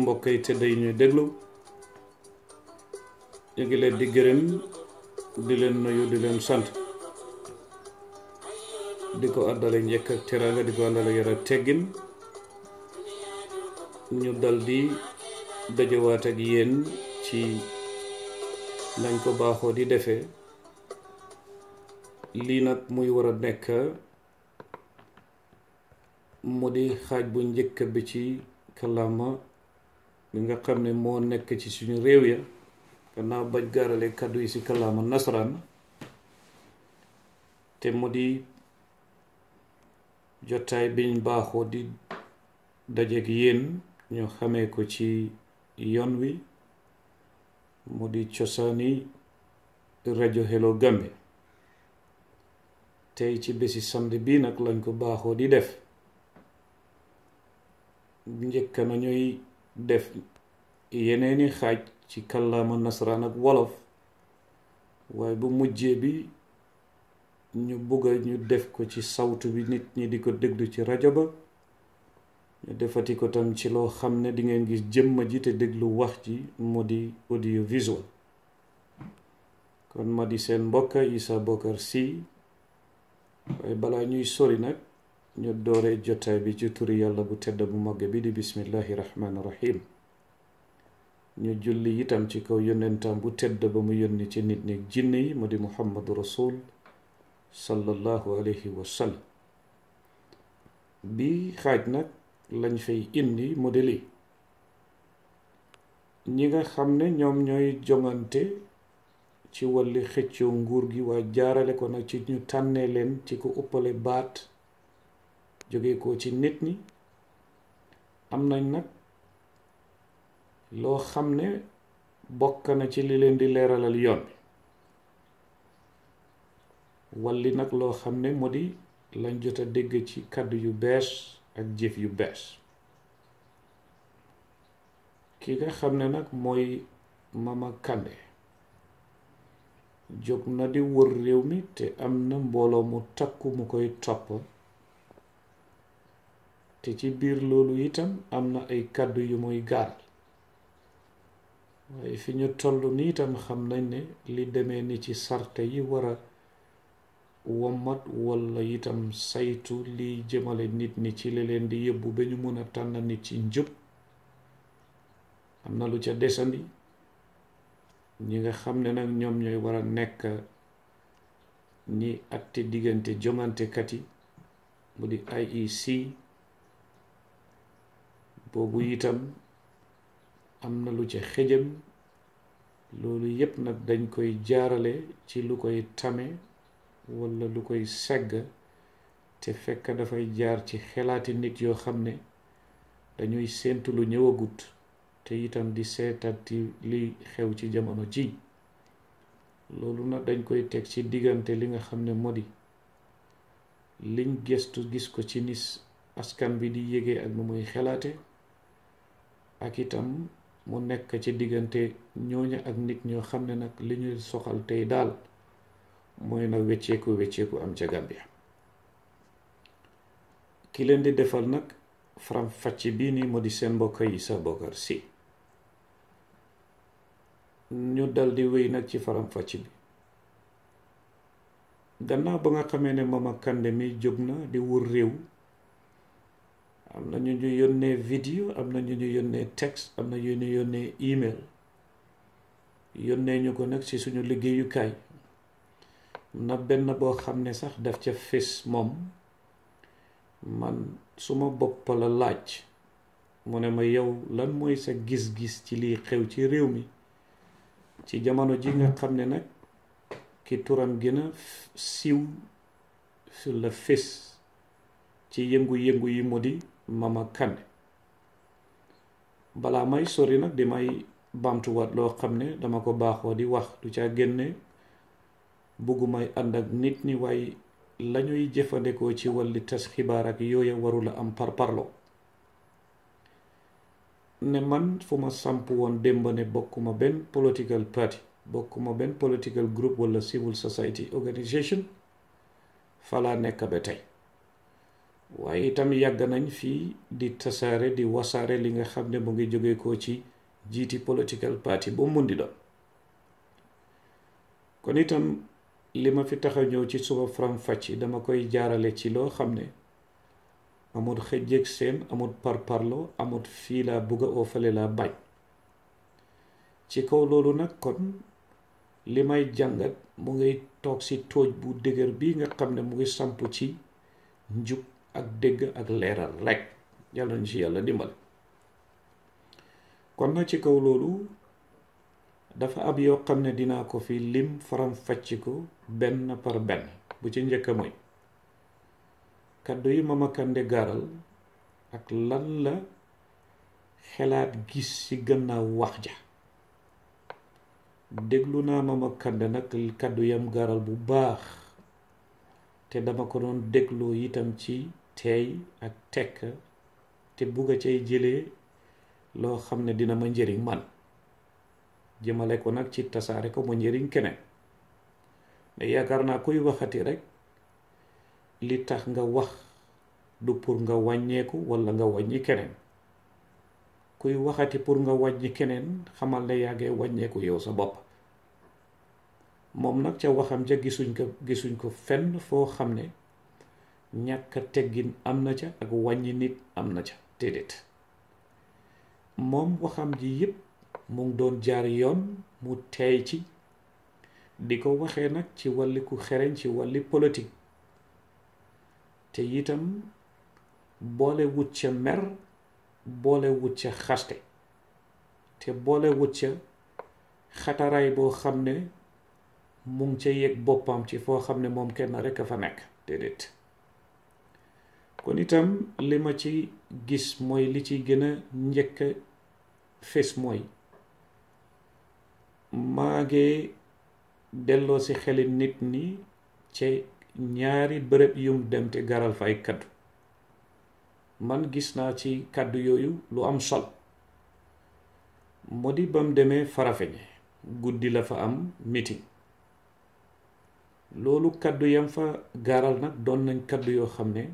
mbokk yi tëdd yi ñuy déglu ñu ngi leen di gërëm di leen nuyu di leen sant di ko àddale njëkk ak teraanga di ko àddale yara teggin ñu dal di dajawaat ak yéen ci nañ ko baaxoo di defee lii nag muy war a nekk mu bu njëkk bi ci kalaama li nga xam ne moo nekk ci suñu réew ya gannaaw bañ gaarale kàddu yi si kàllaama nasaraan te mu di jotaay biñ baaxoo di dajeek yéen ñu xamee ko ci yoon wi mu di cosaani rajo Hello Gambia tey ci bési samedi bii nag lañ ko baaxoo di def njëkk na ñuy def yeneeni xaaj ci kàllaama nasaraan ak wolof waaye bu mujjee bi ñu bugg ñu def ko ci sawtu bi nit ñi di ko déglu ci rajo ba ñu defati ko tam ci loo xam ne di ngeen gis jëmm ji te déglu wax ji mu di audiovisuel kon ma di seen mbokk Essa Bokarr Sy waaye balaa ñuy sori nag ñu doore jotaay bi ci turi yàlla bu tedd bu màgg bi di bismillahi rahmaani rahim ñu julli itam ci kaw yonentam bu tedd ba mu yónni ci nit ñi jinne yi mu di muhammadu rasul sallallahu alayhi wa sallam bi xaaj nag lañ fay indi modèle ñi nga xam ne ñoom ñooy jongante ci wàlli xëccoo nguur gi waa jaarale ko nag ci ñu tànnee leen ci ko ëppale baat jóge ko ci nit ñi am nañ nag loo xam ne bokk na ci li leen di leeralal yoon bi walli nag loo xam ne moo di lañ jot a dégg ci kàddu yu bees ak jëf yu bees ki nga xam ne nag mooy Mama Kandeh jóg na di wër réew mi te am na mbooloo mu takku mu koy topp te ci biir loolu itam am na ay kàddu yu muy gaal waaye fi ñu toll nii itam xam nañ ne li deme ni ci sarte yi war a walla itam saytu liy jëmale nit ñi ci la leen di yóbbu ba ñu mën a tànn nit ci njub am na lu ca desandi ñi nga xam ne nag ñoom ñooy war a nekk ñi atte diggante jomantekat yi mu di IEC boobu itam am na lu ca xëjam loolu yépp nag dañ koy jaarale ci lu koy tame walla lu koy sagg te fekk dafay jaar ci xelaati nit yoo xam ne dañuy séentu lu ñëwagut te itam di seetati li xew ci jamono ci loolu nag dañ koy teg ci diggante li nga xam ne moo di liñ gëstu gis ko ci nis askan bi di yéege ak nu muy xelaate ak itam mu nekk ci diggante ñooñu ak nit ñoo xam ne nag li ñu soxal tey daal mooy na wecceeku wecceeku am ca gambia ki leen di defal nak, fram facc bii nii moo di seen mbokk yi sa bokkar si ñu dal di wéy nag ci faram facc bi gannaaw ba nga xamee ne mama kande mi jóg di wur réew am na ñu ñu yónnee vidéo am na ñu ñu yónnee texte am na ñu ñu yónnee email yónnee ñu ko nag ci suñu liggéeyukaay na benn boo xam ne sax daf ca fés moom man suma bopp la laaj mu ne ma yow lan mooy sa gis-gis ci liy xew ci réew mi ci jamono ji nga xam ne nag ki turam gën a siiw sur le fés ci yëngu-yëngu yi mu di Mama Kandeh balaa may sori nag di may baamtuwaat loo xam ne dama ko baaxoo di wax du caa génne buggumay ànd ak nit ñi waaye lañuy jëfandikoo ci wàlli tas xibaar ak yooya warula am parparloo ne man fu ma samp woon démb bokkuma benn political party bokkuma benn political group wala civil society organisation falaa nekk ba tey waaye itam yàgg nañ fii di tasaare di wasaare li nga xam ne mu ngi jóge ko ci jiiti political party boo mun di doon kon itam li ma fi tax a ñëw ci suba faram fàcc dama koy jaarale ci loo xam ne amut xëjjeeg seen amut parparlo amut fii laa bugga oo laa bañ ci kaw loolu nag kon li may jàngat mu ngi toog si tooj bu dëgër bi nga xam ne mu ngi samp ci njub ak dégg ak leeral rek yàlla ñu ci yàlla dimbal kon na ci kaw loolu dafa ab yoo xam ne dinaa ko fi lim faram fàcc ko benn par benn bu ci njëkk mooy kàddu yi Mama Kandeh gaaral ak lan la xelaat gis ci gannaaw wax ja déglu naa Mama Kandeh nag kàddu yam gaaral bu baax te dama ko doon dégloo itam ci teey ak tekk te bugg a cay jëlee loo xam ne dina ma njëriñ man jëmale ko nag ci tasaare ko ma njëriñ keneen mais yaakaar naa kuy waxati rek li tax nga wax du pour nga wàññeeku walla nga wàññi keneen kuy waxati pour nga wàññi keneen xamal ne yaa ngi wàññeeku yow sa bopp moom nag ca waxam ca gisuñ ko gisuñ ko fenn foo xam ne ñàkk teggin am na ca ak wàññi nit am na ca déedéet moom waxam ji yépp mu ngi doon jaar yoon mu teey ci di ko waxee nag ci wàlli ku xereñ ci wàlli politique te itam boole wut ca mer boole ca xaste te boole wut ca xataraay boo xam ne mu ca yëg boppam ci foo xam ne moom kenn rekk a fa nekk déedéet kon itam li ma ci gis mooy li ci gën a njëkk fes mooy maa ngi delloo si xeli nit ni ca ñaari bërëb yum dem te garal fay kaddu man gis naa ci kaddu yooyu lu am sol moo di ba m demee farafeñe guddi la fa am meeting loolu kaddu yam fa garal nag doon nañ kaddu yoo xam ne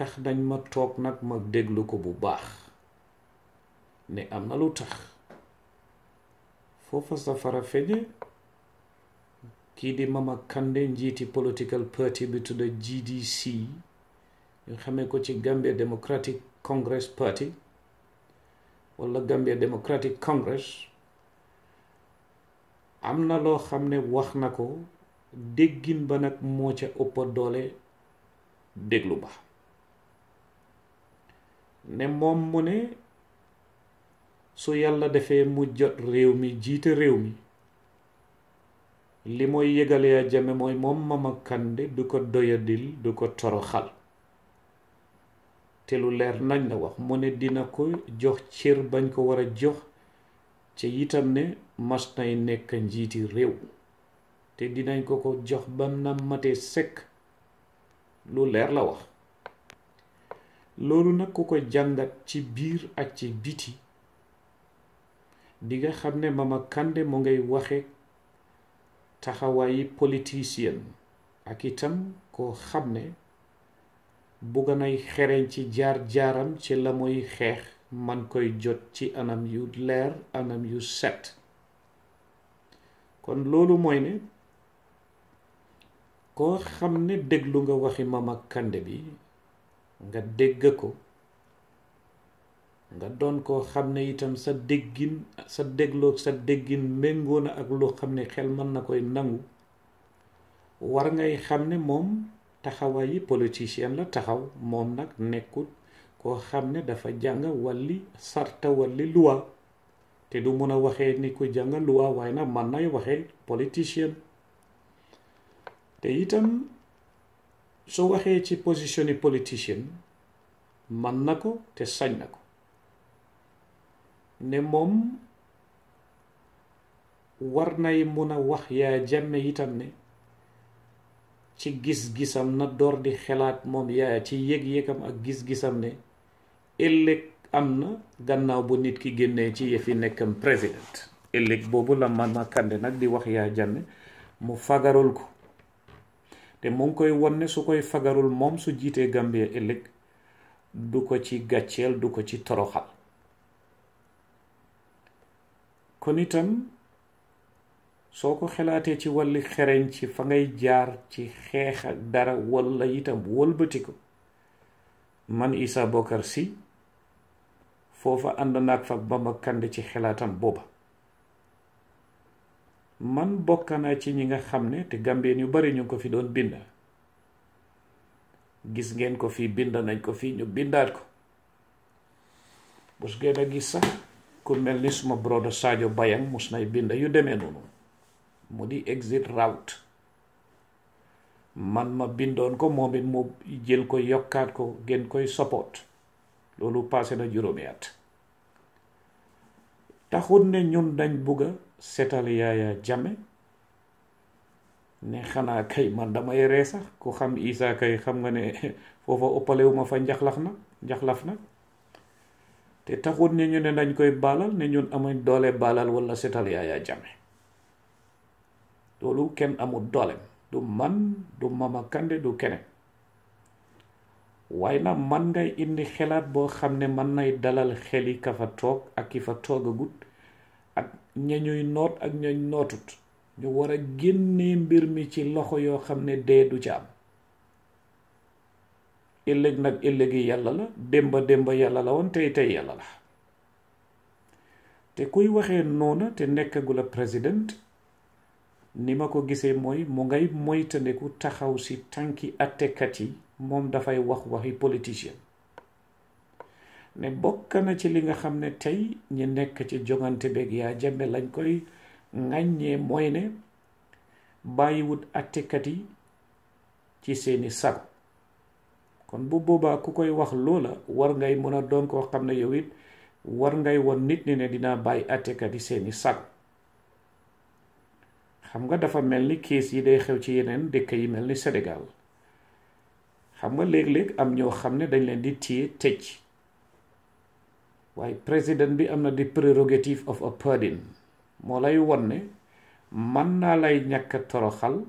tax dañ ma toog nag ma déglu ko bu baax ne am na lu tax foofa safara feñe kii di Mama kande njiiti political party bi tudda GDC ñu xamee ko ci Gambia Democratic Congress Party wala Gambia Democratic Congress am na loo xam ne wax na ko déggin ba nag moo ca ëpp doole déglu ba ne mommo ne so yalla defe mujjot rew mi jiite rew mi li moy yegale a jame moy mom mama kande du ko doya dil du ko toroxal te lu leer nañ la wax mu ne dina ko jox cër bañ ko war a jox ca itam ne mas nay nekk njiiti réew te dinañ ko ko jox ba na matee sekk lu leer la wax loolu nag ku ko jàngat ci biir ak ci biti di xam ne ma Kandeh mu ngay waxe taxawaayi politicien ak itam koo xam ne bugg nay xereñ ci jaar-jaaram ci la muy xeex man koy jot ci anam yu leer anam yu set kon loolu mooy ne koo xam ne déglu nga waxi Mama Kandeh bi nga dégg ko nga doon koo xam ne itam sa déggin sa dégloog sa déggin méngoo ak loo xam ne xel mën na koy nangu war ngay xam ne moom taxawaayi politicien la taxaw moom nag nekkul koo xam ne dafa jàng walli sarta walli luwa te du mun a waxee ni ku jàng luwa waaye nag mën nay waxee politicien te itam soo waxee ci positioni yi politicien man na ko te sañ na ko ne moom war nay mun a wax yaa jàmme itam ne ci gis-gisam na door di xalaat moom yaa ci yëg-yëgam ak gis-gisam ne ëllëg am na gannaaw bu nit ki génnee ci yëfi nekkam président ëllëg boobu la man ma kande nag di wax yaa jàmme mu fagarul ko te mu koy won su koy fagarul moom su jiitee Gambia ëllëg du ko ci gàcceel du ko ci toroxal kon itam soo ko xelaatee ci wàlli xereñ ci fa ngay jaar ci xeex ak dara walla itam wëlbati ko man Essa Bokarr si foofa ànd naag fa Bamba Kandeh ci xelaatam booba man bokk naa ci ñi nga xam ne te gambeen yu bari ñu ko fi doon bind gis ngeen ko fii bind nañ ko fii ñu bindaat ko bus ngeen a gis sax ku mel ni suma brod Sadio Bayang mus nay bind yu demee noonu mu di exit route man ma bindoon ko moom it mu jël ko yokkaat ko ngeen koy support loolu passé na juróomi at taxut ne ñun dañ bugg a setal yaaya jame ne xanaa kay man damay ree sax ku xam isa kay xam nga ne foofa ëppalewuma fa njaxlaf na njaxlaf na te taxut ne ñu ne dañ koy baalal ne ñun amuñ doole baalal walla setal yaaya jame loolu kenn amul dooleem du man du Mama Kandeh du keneen waaye la man ngay indi xelaat boo xam ne mën nay dalal xeli ka fa toog ak ki fa toogagut ak ña ñuy noot ak ña nootut ñu war a génnee mbir mi ci loxo yoo xam ne dee du ca am ëllëg nag ëllëgi yàlla la démba démba yàlla la woon tey tey yàlla la te kuy waxee noona te nekkagula président ni ma ko gisee mooy mu ngay moytandiku taxaw si tànki attekat yi moom dafay wax waxi politicien ne bokk ci li nga xam ne tey ñi nekk ci jongante beeg yaa jame lañ koy ŋàññee mooy ne bàyyiwut attekat yi ci seeni sago kon bu boobaa ku koy wax loola war ngay mën a doon koo xam ne yow it war ngay won nit ñi ne dinaa bàyyi attekat yi seeni sago xam nga dafa mel ni kiis yi day xew ci yeneen dëkk yi mel ni Sénégal xam nga léeg-léeg am ñoo xam ne dañ leen di téye tëj waaye président bi am na di prerogative of a pardon moo lay won ne mën naa lay ñàkk toroxal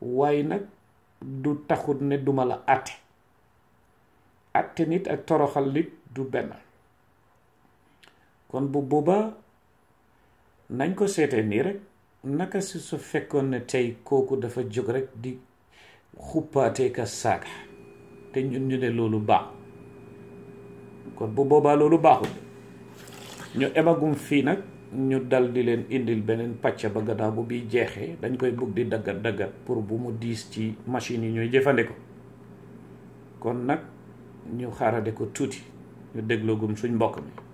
waaye nag du taxut ne duma la àtte àtte nit ak toroxal nit du benn kon bu boobaa nañ ko seetee nii rek naka si su fekkoon ne tey kooku dafa jóg rekk di xuppaatee ka saaga te ñun ñu ne loolu baax kon bu boobaa loolu baaxul ñu emagum fii nag ñu daldi leen indil beneen pàcc ba gannaaw bu bi jeexee dañ koy bugg di daggat daggat pour bu mu diis ci machine yi ñooy jëfandikoo kon nag ñu xaarade ko tuuti ñu dégloogum suñ mbokk mi